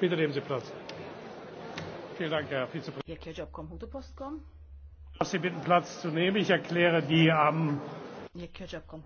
Peter nehmen Platz. Vielen Dank, Herr Vizepräsident. Ich bitte Platz zu nehmen. Ich erkläre die am. Ähm, um